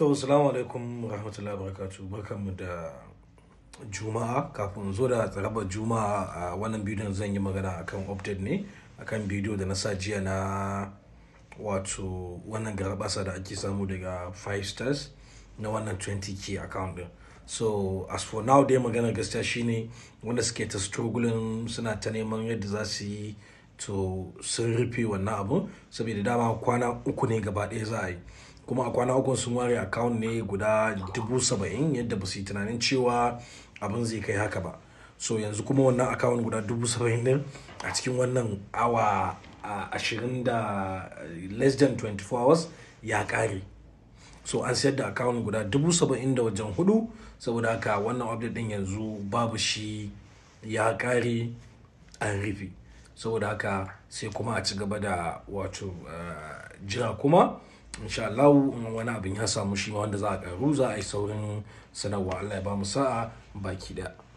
to assalamu alaikum rahmatullahi barakatu barkanmu da juma'a kafin zo da tsarabar juma'a a wannan bidiyon zan yi magana akan update ne akan bidiyo da na sa jiya na wato wannan garabasa da ake samu daga 5 stars na wannan 20k account din so as for now dai magana gaskiya shine wanda suke ta struggling suna ta neman yadda za su yi to sun rufe wannan abu saboda dama kwana uku ne gaba ɗaya za a yi kuma a kwana uku sun ware account ne guda dubu saba'in yadda ba su yi tunanin cewa abin zai kai haka ba so yanzu kuma wannan account guda dubu saba'in din a cikin wannan awa ashirin da less than 24 hours ya kare so an sayar da account guda dubu saba'in da wajen hudu saboda haka wannan update din yanzu babu shi ya kare an rufe saboda haka sai kuma a ci gaba da wato eh, jira kuma insha Allah wani abin ya samu shi wanda za a karu za a yi saurin sanarwa Allah ya ba mu sa'a baki da